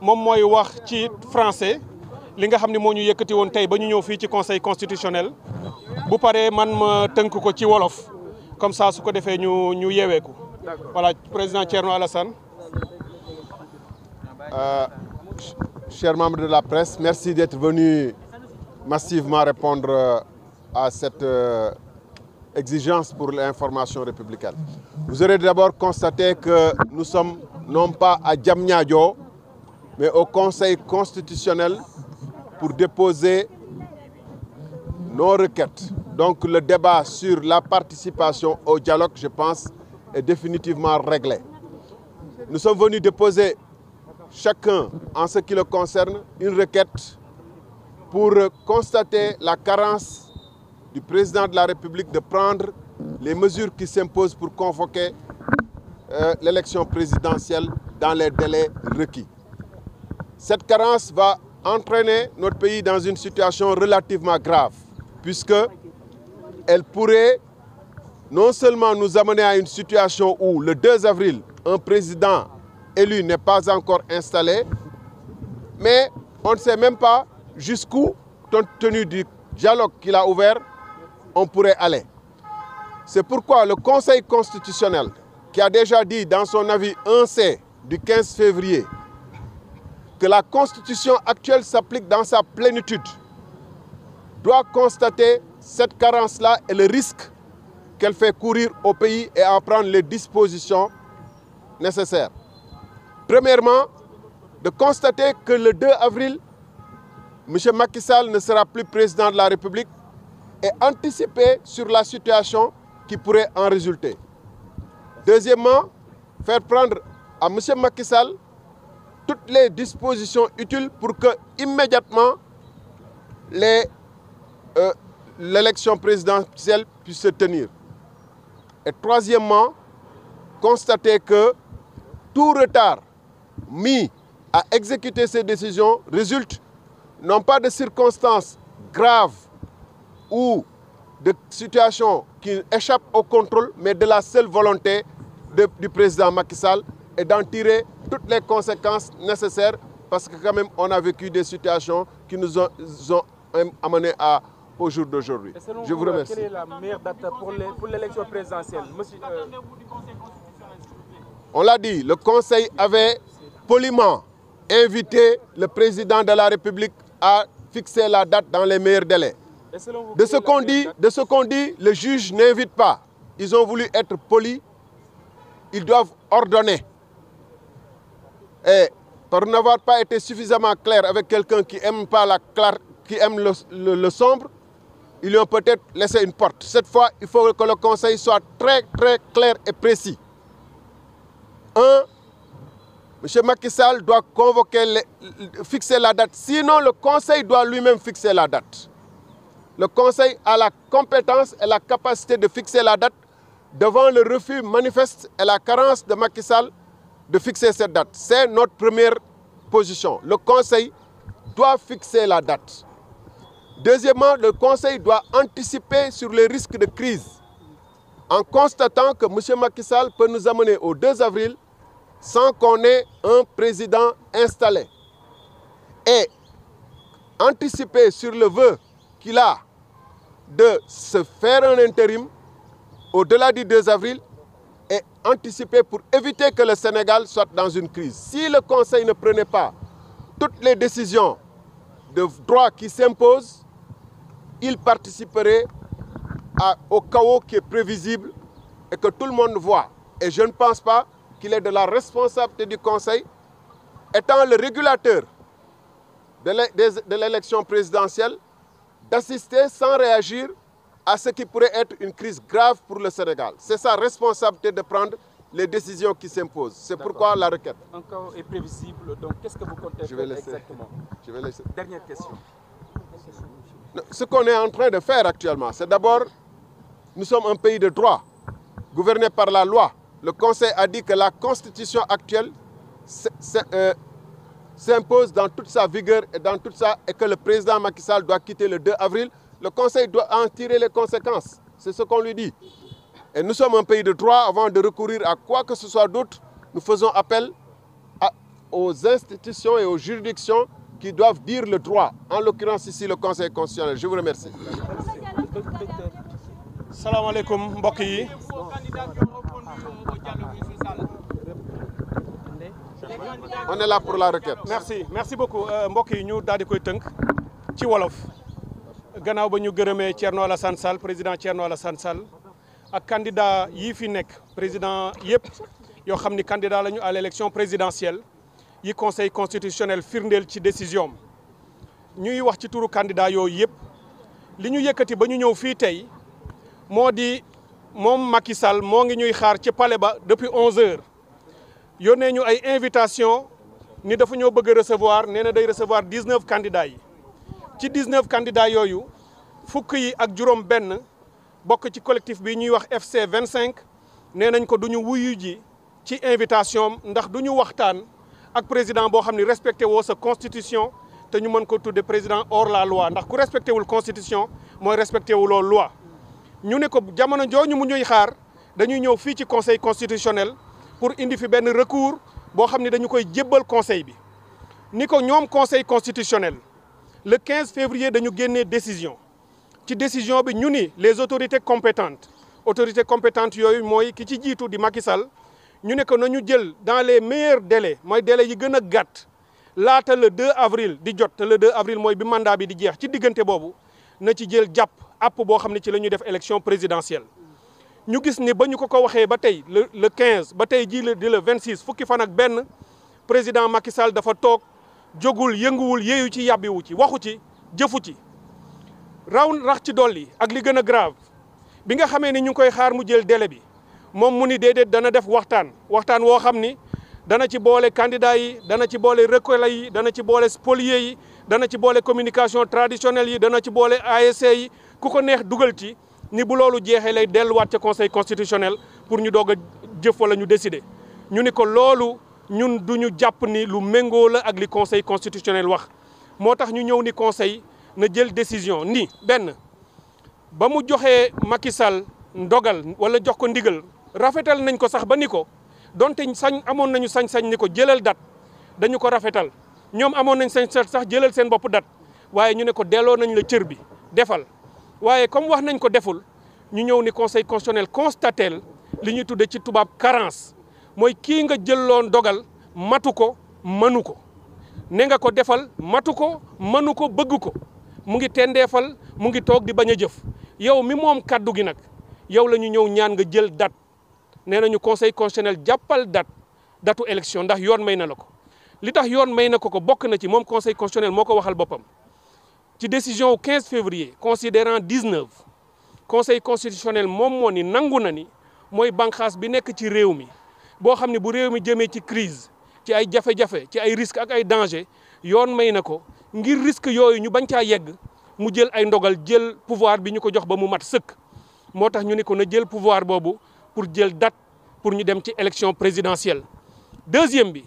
moom mooy wax ci français li nga xam ne moo ñu yëkkati woon tey ba ñu ñëw fii ci conseil constitutionnel bu paree man ma tënk ko ci wolof comme ça su ko defee ñu ñu yeeweeku voilà président Thierno Alassane. Euh, chers membres de la presse merci d'être venus massivement répondre euh, à cette euh, exigence pour l'information républicaine vous aurez d'abord constaté que nous sommes non pas à jam Diamniadio mais au Conseil constitutionnel pour déposer nos requêtes. Donc le débat sur la participation au dialogue, je pense, est définitivement réglé. Nous sommes venus déposer chacun, en ce qui le concerne, une requête pour constater la carence du président de la République de prendre les mesures qui s'imposent pour convoquer euh, l'élection présidentielle dans les délais requis. Cette carence va entraîner notre pays dans une situation relativement grave, puisque elle pourrait non seulement nous amener à une situation où le 2 avril, un président élu n'est pas encore installé, mais on ne sait même pas jusqu'où, compte tenu du dialogue qu'il a ouvert, on pourrait aller. C'est pourquoi le Conseil constitutionnel, qui a déjà dit dans son avis un c du 15 février que la Constitution actuelle s'applique dans sa plénitude, doit constater cette carence-là et le risque qu'elle fait courir au pays et en prendre les dispositions nécessaires. Premièrement, de constater que le 2 avril, M. Macky ne sera plus président de la République et anticiper sur la situation qui pourrait en résulter. Deuxièmement, faire prendre à M. toutes les dispositions utiles pour que immédiatement les euh, l'élection présidentielle puisse se tenir. Et troisièmement, constater que tout retard mis à exécuter ces décisions résulte non pas de circonstances graves ou de situations qui échappent au contrôle, mais de la seule volonté de, du président Macky et d'en tirer toutes les conséquences nécessaires parce que quand même on a vécu des situations qui nous ont, ont amenés à au jour d'aujourd'hui. Je vous, vous remercie. Quelle est la meilleure date pour l'élection présidentielle Monsieur, euh... On l'a dit, le Conseil avait poliment invité le président de la République à fixer la date dans les meilleurs délais. Vous, de ce qu'on dit, de ce qu'on dit, le juge n'invite pas. Ils ont voulu être polis. Ils doivent ordonner. Et par n'avoir pas été suffisamment clair avec quelqu'un qui aime pas la claire, qui aime le, sombre, ils lui ont peut-être laissé une porte. Cette fois, il faut que le conseil soit très, très clair et précis. Un, M. Macky Sall doit convoquer les, fixer la date. Sinon, le conseil doit lui-même fixer la date. Le conseil a la compétence et la capacité de fixer la date devant le refus manifeste et la carence de Macky de fixer cette date. C'est notre première position. Le Conseil doit fixer la date. Deuxièmement, le Conseil doit anticiper sur les risques de crise en constatant que monsieur Macky Sall peut nous amener au 2 avril sans qu'on ait un président installé. Et anticiper sur le vœu qu'il a de se faire un intérim au-delà du 2 avril et anticiper pour éviter que le Sénégal soit dans une crise. Si le Conseil ne prenait pas toutes les décisions de droit qui s'imposent, il participerait à, au chaos qui est prévisible et que tout le monde voit. Et je ne pense pas qu'il est de la responsabilité du Conseil, étant le régulateur de l'élection présidentielle, d'assister sans réagir à ce qui pourrait être une crise grave pour le Sénégal. C'est sa responsabilité de prendre les décisions qui s'imposent. C'est pourquoi la requête. Encore est prévisible, donc qu'est-ce que vous comptez Je vais laisser. exactement Je vais laisser. Dernière question. Ce qu'on est en train de faire actuellement, c'est d'abord, nous sommes un pays de droit, gouverné par la loi. Le Conseil a dit que la constitution actuelle euh, s'impose dans toute sa vigueur et dans toute sa, et que le président Macky Sall doit quitter le 2 avril Le Conseil doit en tirer les conséquences. C'est ce qu'on lui dit. Et nous sommes un pays de droit. Avant de recourir à quoi que ce soit d'autre, nous faisons appel à, aux institutions et aux juridictions qui doivent dire le droit. En l'occurrence ici, le Conseil constitutionnel. Je vous remercie. salaamaaleykum mbokk yi. on est là pour la requête. merci merci beaucoup euh, mbokk yi ñu daal di koy tënk ci wolof. gannaaw ba ñu gërëmee Thierno Alassane Sall président Thierno Alassane Sall ak candidat yii fi nekk président yëpp yoo xam ni candidat lañu à l'élection présidentielle yi conseil constitutionnel firndeel ci décision ñuy wax ci tuuru candidat yooyu yëpp li ñu yëkkati ba ñu ñëw fii tey moo di moom Macky Sall moo ngi ñuy xaar ci pale ba depuis 11 heures yónnee ñu ay invitation ni dafa ñoo bëgg a recevoir nee na day recevoir 19 candidats yi ci 19 candidats yooyu fukk yi ak juróom benn bokk ci collectif bi ñuy wax FC 25 nee nañ ko du ñu wuyu ji ci invitation ndax du ñu waxtaan ak président boo xam ne respecté woo sa constitution te ñu mën ko tudde président hors la loi ndax ku respecté wul constitution mooy respecté wuloo loi ñu ne ko jamono jooñu mu ñuy xaar dañuy ñëw fii ci conseil constitutionnel pour indi fi benn recours boo xam ne dañu koy jébbal conseil bi ni ko ñoom conseil constitutionnel le 15 février dañu génne décision ci décision bi ñu ni les autorités compétentes autorités compétentes yooyu mooy ki ci jiitu di Macky Sall ñu ne ko nañu jël dans les meilleurs délais mooy délais yi gën a gàtt laata le 2 avril di jot te le avril mooy bi mandat bi di jeex ci diggante boobu na ci jël jàpp àpp boo xam ne ci la ñuy def élection présidentielle. ñu gis ni ba ñu ko ko waxee ba tey le le 15 ba tey jii le di le 26 fukki fan ak benn président Macky dafa toog. jógul yënguwul yéeyu ci yàbbiwu ci waxu ci jëfu ci raw rax ci dolli ak li gën a grave bi nga xamee ni ñu ngi koy xaar mu jël délai bi moom mu ni déedéet dana def waxtaan waxtaan woo xam ni dana ci boole candidat yi dana ci boole recollets yi dana ci boole spolier yi dana ci boole communication traditionnelle yi dana ci boole ASC yi ku ko neex dugal ci ni bu loolu jeexee lay delluwaat ca conseil constitutionnel pour ñu doog a jëf wala ñu décider ñu ni ko loolu ñun du ñu jàpp ni lu méngoo la ak li conseil constitutionnel wax moo tax ñu ñëw ni conseil na jël décision ni benn ba mu joxee Macky Sall ndogal wala jox ko ndigal rafetal nañ ko sax ba ni ko donte sañ amoon nañu sañ-sañ ni ko jëlal dat dañu ko rafetal ñoom amoon nañ sañ sax jëlal seen bopp dat waaye ñu ne ko delloo nañu la cër bi defal waaye comme wax nañ ko deful ñu ñëw ni conseil constitutionnel constatel li ñuy tudde ci tubaab carence mooy kii nga jëlloon dogal matu ko mënu ko ne nga ko defal matu ko mënu ko bëgg ko mu ngi tendeefal mu ngi toog di bañ a jëf yow mi moom kaddu gi nag yow la ñu ñëw ñaan nga jël date nee nañu conseil constitutionnel jàppal dat datu élection ndax yoon may na la ko li tax yoon may na ko ko bokk na ci moom conseil constitutionnel moo ko waxal boppam ci décision wu 15 février considérant 19 conseil constitutionnel moom moo ni nangu na ni mooy bànqaas bi nekk ci réew mi boo xam ne bu réew mi jëmee ci crise ci ay jafe-jafe ci ay risques ak ay danger yoon may na ko ngir risque yooyu ñu bañ caa yegg mu jël ay ndogal jël pouvoir bi ñu ko jox ba mu mat sëkk moo tax ñu ni ko na jël pouvoir boobu pour jël dat pour ñu dem ci élection présidentielle deuxième bi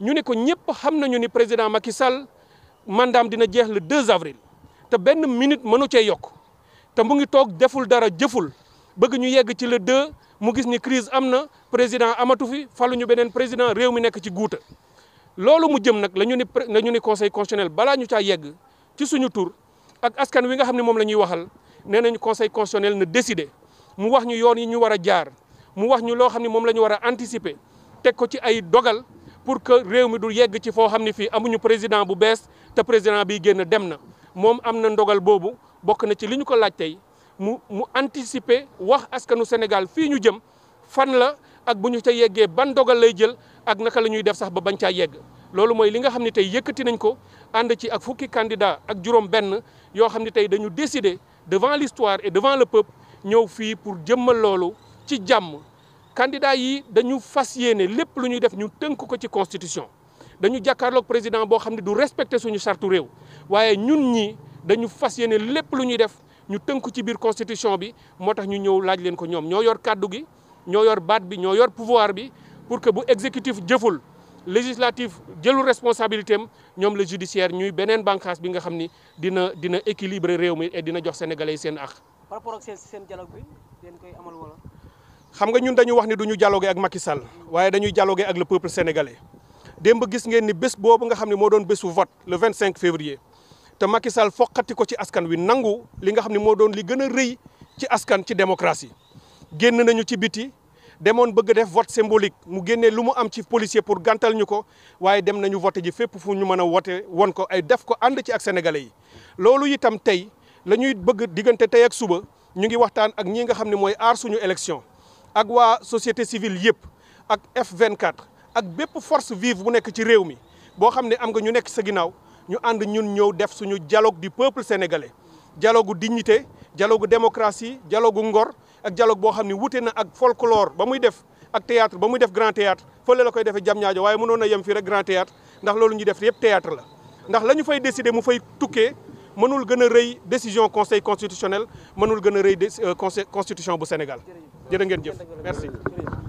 ñu ni ko ñëpp xam nañu ni président Macky Sall mandaam dina jeex le 2 avril te benn minute mënu cee yokk te mu ngi toog deful dara jëful bëgg ñu yegg ci le 2 mu gis ni crise am na président amatu fi falu ñu beneen président réew mi nekk ci guuta loolu mu jëm nag la ñu ni la ñu ni conseil constitutionnel balaa ñu caa yegg ci suñu tur ak askan wi nga xam ne moom la ñuy waxal nee nañu conseil constitutionnel na décider mu wax ñu yoon yi ñu war a jaar mu wax ñu loo xam ne moom la ñu war a anticiper teg ko ci ay dogal pour que réew mi du yegg ci foo xam ne fii amuñu président bu bees te président bi génn dem na moom am na ndogal boobu bokk na ci li ñu ko laaj tey mu mu anticiper wax askanu Sénégal fii ñu jëm fan la ak bu ñu ca yeggee ban dogal lay jël ak naka la ñuy def sax ba bañ caa yegg loolu mooy li nga xam ne tey yëkkati nañ ko ànd ci ak fukki candidat ak juróom-benn yoo xam ne tey dañu décider devant l'histoire et devant le pëpp ñëw fii pour jëmmal loolu ci jàmm. candidat yi dañu fas yéene lépp lu ñuy def ñu tënk ko ci constitution dañu jàkkaarloog président boo xam ne du respecter suñu sartu réew waaye ñun dañu fas yéene lépp lu ñuy def. ñu tënku ci biir constitution bi moo tax ñu ñëw laaj leen ko ñoom ñoo yor kàddu gi ñoo yor baat bi ñoo yor pouvoir bi pour que bu exécutif jëful législatif jëlul responsabilité am ñoom la judiciaire ñuy beneen bànqaas bi nga xam ni dina dina équilibrer réew mi et dina jox sénégalais yi seen àq. par rapport ak seen seen bi ngeen wala. xam nga ñun dañu wax ni duñu dialoguer ak Macky Sall waaye dañuy dialoguer ak le peuple sénégalais démb gis ngeen ni bés boobu nga xam ne moo doon bésu vote le 25 février. te Macky Sall foqati ko ci askan wi nangu li nga xam ne moo doon li gën a rëy ci askan ci démocratie génn nañu ci biti demoon bëgg def vote symbolique mu génnee lu mu am ci policier pour gantal ñu ko waaye dem nañu vote ji fépp fu ñu mën a wote won ko ay def ko ànd ci ak sénégalais yi loolu itam tey la ñuy bëgg diggante tey ak suba ñu ngi waxtaan ak ñi nga xam ne mooy aar suñu élection ak waa société civile yëpp ak F24 ak bépp force vive bu nekk ci réew mi boo xam ne am nga ñu nekk sa ginnaaw ñu ànd ñun ñëw def suñu jaloog du peuple sénégalais dialogue gu dignité dialogue gu démocratie dialogue ngor ak dialogue boo xam ne wute na ak folklore ba muy def ak théâtre ba muy def grand théâtre fële la koy defee jam ñaajo waaye mënoon na yem fii rek grand théâtre ndax loolu ñuy def yëpp théâtre la ndax lañu fay décider mu fay tukkee mënul gën a rëy décision conseil constitutionnel mënul gën a rëy euh, conseil constitution bu Sénégal jërë ngeen jëf merci